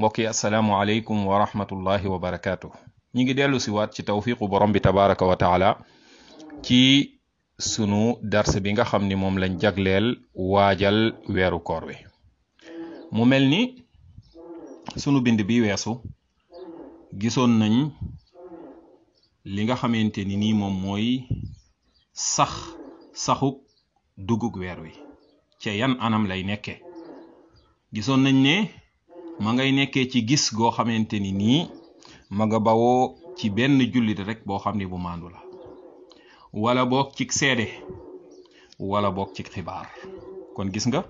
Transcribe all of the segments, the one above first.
mbokk yi asalaamualeykum wa rahmatullahi wa barakaatu. ñi ngi dellu si waat ci tawfiqu borom bi tabaraka wa taala ci sunu dars bi nga xam ni moom lañ jagleel waajal weeru koor wi mu mel ni sunu bind bi weesu gisoon nañ li nga xamante ni nii moom mooy sax saxuk dugug weer wi ca yan anam lay nekkee gisoon nañ ne ma ngay nekkee ci gis goo xamante ni nii ma nga bawoo ci benn jullit rek boo bu wala boog ci seede wala boog ci xibaar kon gis nga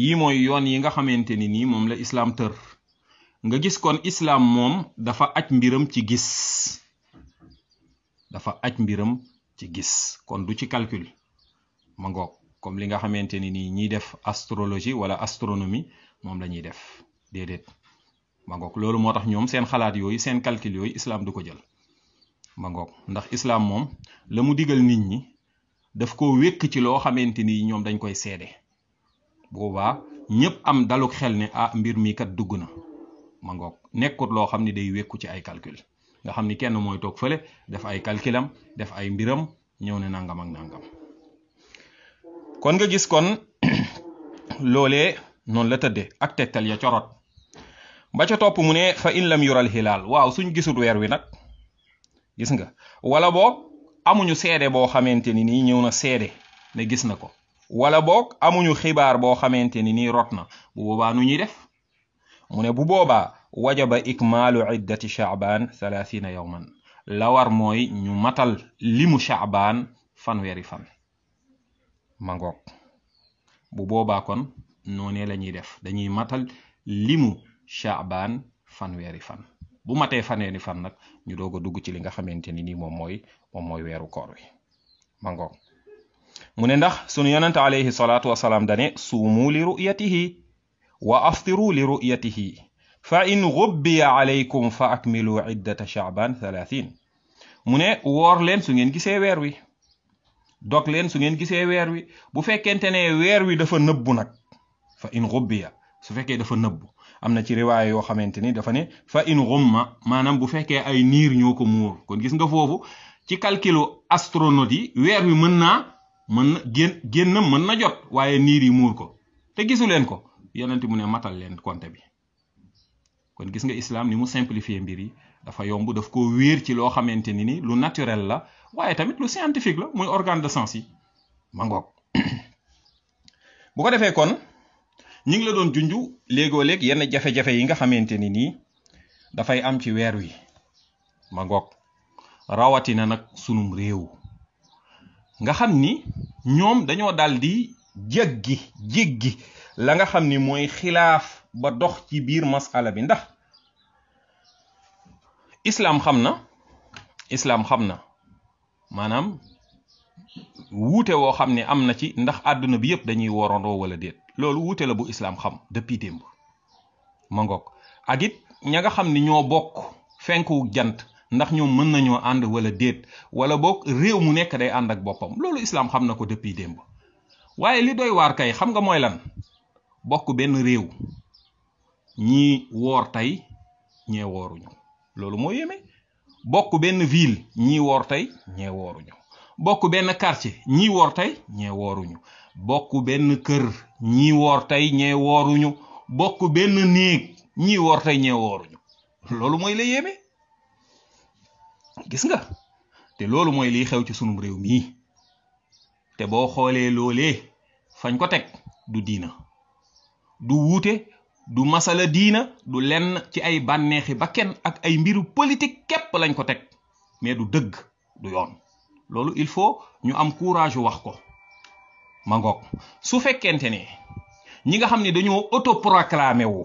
yi mooy yoon yi nga xamante ni nii la nga gis kon Islam mom, dafa aj mbiram ci gis dafa aj mbiram ci gis kon du ci calcul ma ngoog comme li nga xamante ni nii def astrologie wala astronomie moom la def déedéet ma ngoog loolu moo tax ñoom seen xalaat yooyu seen calcul yooyu islaam du ko jël ma ngoog ndax islaam moom la mu digal nit ñi daf ko wékk ci loo xamante ni ñoom dañ koy seede boobaa ñëpp am daluk xel ne ah mbir mii kat dugg na ma ngoog nekkut loo xam ne day wékku ci ay calcul nga xam ni kenn mooy toog fële def ay calculam def ay mbiram ñëw ne nangam ak nangam kon nga gis kon loolee noonu la tëdde ak tegtal ya corot ba ca topp mu ne fa in lam yural hilaal waaw suñ gisul weer wi nag gis nga wala boog amuñu seede boo xamante ni nii ñëw na seede ne gis na ko wala boog amuñu xibaar boo xamante ni nii rot na bu boobaa nu ñuy def mu ne bu boobaa wajaba ikmaalu iddati chaabaan thalathina yawman la war mooy ñu matal limu chaabaan fanweeri fan ma bu booba kon noonee la def dañuy matal limu chaabaan fanweeri fan bu matee fanweeri fan nag ñu doog a dugg ci li nga xamante ni nii moom mooy moom mooy weeru koor wi mu ne ndax sunu yonente alayhi salaatu wasalaam dane suumu li ru'yatihi wa aftiru li ru'yatihi fa in gubbiya alaykum fa akmilu iddata chaabaan mu ne woor leen su ngeen gisee weer wi dog leen su ngeen gisee weer wi bu fekkente ne weer wi dafa nëbbu nag fa in gubbiya su fekkee dafa nëbbu am na ci riwaay yoo xamante ni dafa ne fa in ghumma maanaam bu fekkee ay niir ñoo ko muur kon gis nga foofu ci calculu astronaute yi weer wi mën naa mën na génn génn mën na jot waaye niir yi muur ko te gisu leen ko yonent mu ne matal leen compte bi kon gis nga islam ni mu simplifier mbir yi dafa yomb daf ko wéer ci loo xamante ni ni lu naturel la waaye tamit lu scientifique la muy organ de sens yi ma ngoog bu ko defee kon ñi ngi la doon junju léegoo léeg yenn jafe-jafe yi nga xamante ni nii dafay am ci weer wi ma ngoog rawatina nag sunum réew nga xam ni ñoom dañoo daal di jéggi jéggi la nga xam ni mooy xilaaf ba dox ci biir masala bi ndax islaam xam na islaam xam na maanaam wuute woo xam ne am na ci ndax àdduna bi yëpp dañuy worandoo wala déet loolu wuute la bu islaam xam depuis démb ma ngoog ak it ña nga xam ni ñoo bokk fenku jant ndax ñoom mën nañoo ànd wala déet wala boog réew mu nekk day ànd ak boppam loolu islaam xam na ko depuis démb waaye li doy waar kay xam nga mooy lan bokk benn réew ñii woor tey ñee wooruñu loolu moo yéeme bokk benn ville ñii woor tey ñee wooruñu bokk benn quartier ñii woor tey ñee wooruñu bokk benn kër ñii woor tey ñee wooruñu bokk benn néeg ñii woor tey ñee wooruñu loolu mooy la yéeme gis nga te loolu mooy liy xew ci sunum réew mii te boo xoolee loolee fañ ko teg du diina du wuute du masala diina du lenn ci ay bànneexi ba kenn ak ay mbiru politique képp lañ ko teg mais du dëgg du yoon loolu il faut ñu am courage wax ko ma ngoog su fekkente ne ñi nga xam ne dañoo autoproclamé wu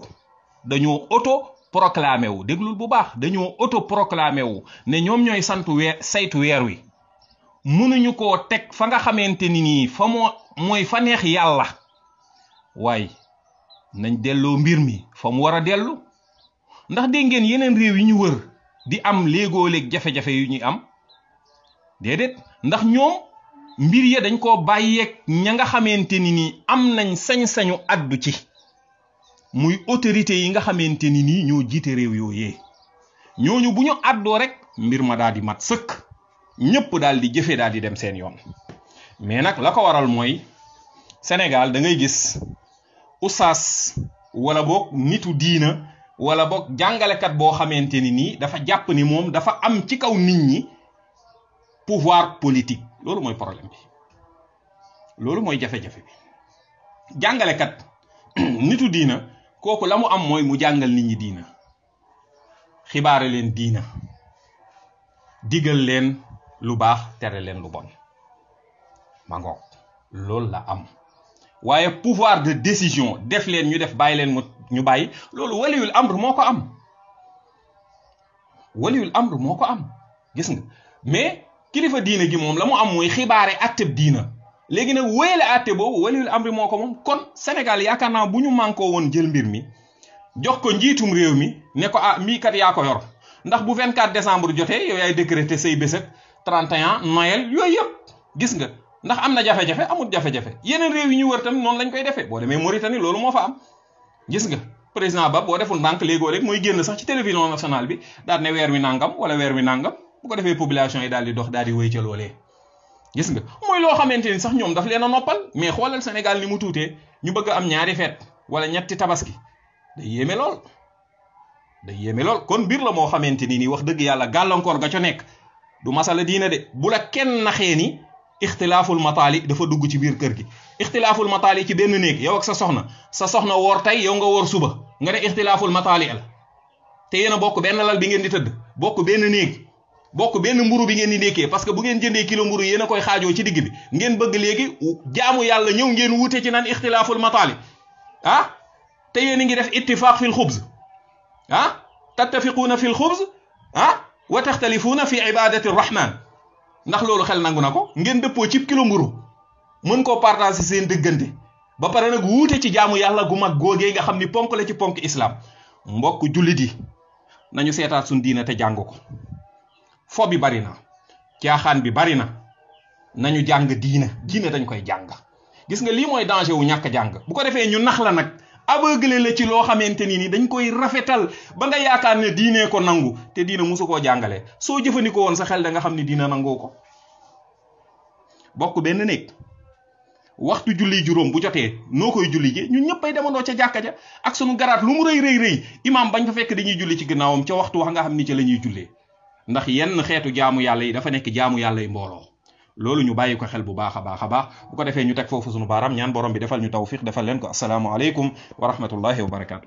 dañoo autoproclamé wu déglul bu baax dañoo autoproclamé wu ne ñoom ñooy santu saytu weer wi mënuñu ko teg fa nga xamante ni nii fa mooy fa neex yàlla waaye nañ delloo mbir mi fa mu war a dellu ndax dégg ngeen yeneen réew yi ñu wër di am léegoo léeg jafe-jafe yu ñuy am déedéet ndax ñoom mbir ya dañ koo bàyyeeg ña nga xamanteni ni am nañ sañ-sañu addu ci muy autorité yi nga xamanteni ni ñoo jiite réew yooyee ñoñu buñu addo rek mbir ma daldi mat sëkk ñepp daldi di daldi dem seen yoon mais nak lako waral moy sénégal da ngay gis oustaz wala bok nitu diina wala jangale kat bo xamanteni ni dafa japunimom ni mom dafa am ci kaw nit ñi pouvoir politique lolu moy problème bi loolu mooy jafé jafe bi kat nitu diina koku lamu am moy mu jangal nit ñi diina xibaare len diina digal len lu baax tere len lu bon ma lolu la am waye pouvoir de décision def len ñu def bay. len mu ñu lolu waliyul amr moko am waliyul am gis mais kilifa diine gi moom la mu am mooy xibaare atteb diina léegi nag wéyale atte boobu waliyul amri moo ko moom kon Sénégal yaakaar naa bu ñu mànkoo woon jël mbir mi jox ko njiitum réew mi ne ko ah mii kat yaa ko yor ndax bu 24 décembre jotee yow yaay décrété say bés ak 31 Noël yooyu yëpp gis nga ndax am na jafe-jafe amul jafe-jafe yeneen réew yi ñu wër tam noonu lañ koy defee boo demee Mauritanie loolu moo fa am gis nga président ba boo deful ndànk léegoo rek mooy génn sax ci télévision nationale bi daal ne weer wi nangam wala weer wi nangam bu ko defee population yi daal di dox daal di wéy ca loolee gis nga mooy loo xamante ni sax ñoom daf leen a noppal mais xoolal Sénégal ni mu tuutee ñu bëgg am ñaari feet wala ñetti tabaski day yéeme lool day yéeme lool kon mbir la moo xamante ni wax dëgg yàlla gàllankoor ga ca nekk du masala diina de bu la kenn naxee ni ixtilaaful mataali dafa dugg ci biir kër gi ixtilaaful mataali ci benn néeg yow ak sa soxna sa soxna woor tey yow nga wor suba nga ne ixtilaaful mataali la te yéen a bokk benn lal bi ngeen di tëdd bokk benn néeg bok ben mburu bi ngeen di ndékkee parce que bu ngeen jëndé kilo mburu yeena koy xajjo ci digg bi ngeen bëgg léegi jaamu yàlla ñëw ngeen wute ci nan ikhtilaful matali ha te yéen ngi def ittifaq fil khubz ha tattafiquna fil khubz ha wa takhtalifuna fi ibadati rahman ndax lolu xel nangu na ko ngeen deppo ci kilo mburu mën ko partager seen dëggante ba pare nak wuté ci jaamu yàlla gu mag goge nga xamni ponk la ci ponk islam mbokk julidi nañu sétat suñ diina te jangoko fo bi bari na caaxaan bi bari na nañu jàng diina diina dañ koy jàng gis nga lii mooy danger wu ñàkk jàng bu ko defee ñu nax la nag aveugle la ci loo xamante ni nii dañ koy rafetal ba nga yaakaar ne diinee ko nangu te diina mosu koo jàngale soo jëfandikoo woon sa xel da nga xam ne diina nangoo ko bokk benn néeg waxtu julli juróom bu jotee noo koy julli ji ñun ñëpp ay demandoo ca jàkka ja ak sunu garaat lu mu rëy rëy rëy imaam bañ fa fekk dañuy julli ci ginnaawam nga xam ni ca la ñuy jullee ndax yenn xeetu jaamu yàlla yi dafa nekk jaamu yàlla yi mbooloo loolu ñu bàyyi ko xel bu baax a baax a baax bu ko defee ñu teg foofu sunu baaram ñaan borom bi defal ñu tawfiq defal leen ko asalaamualeykum wa rahmatullahi wa barakaatu.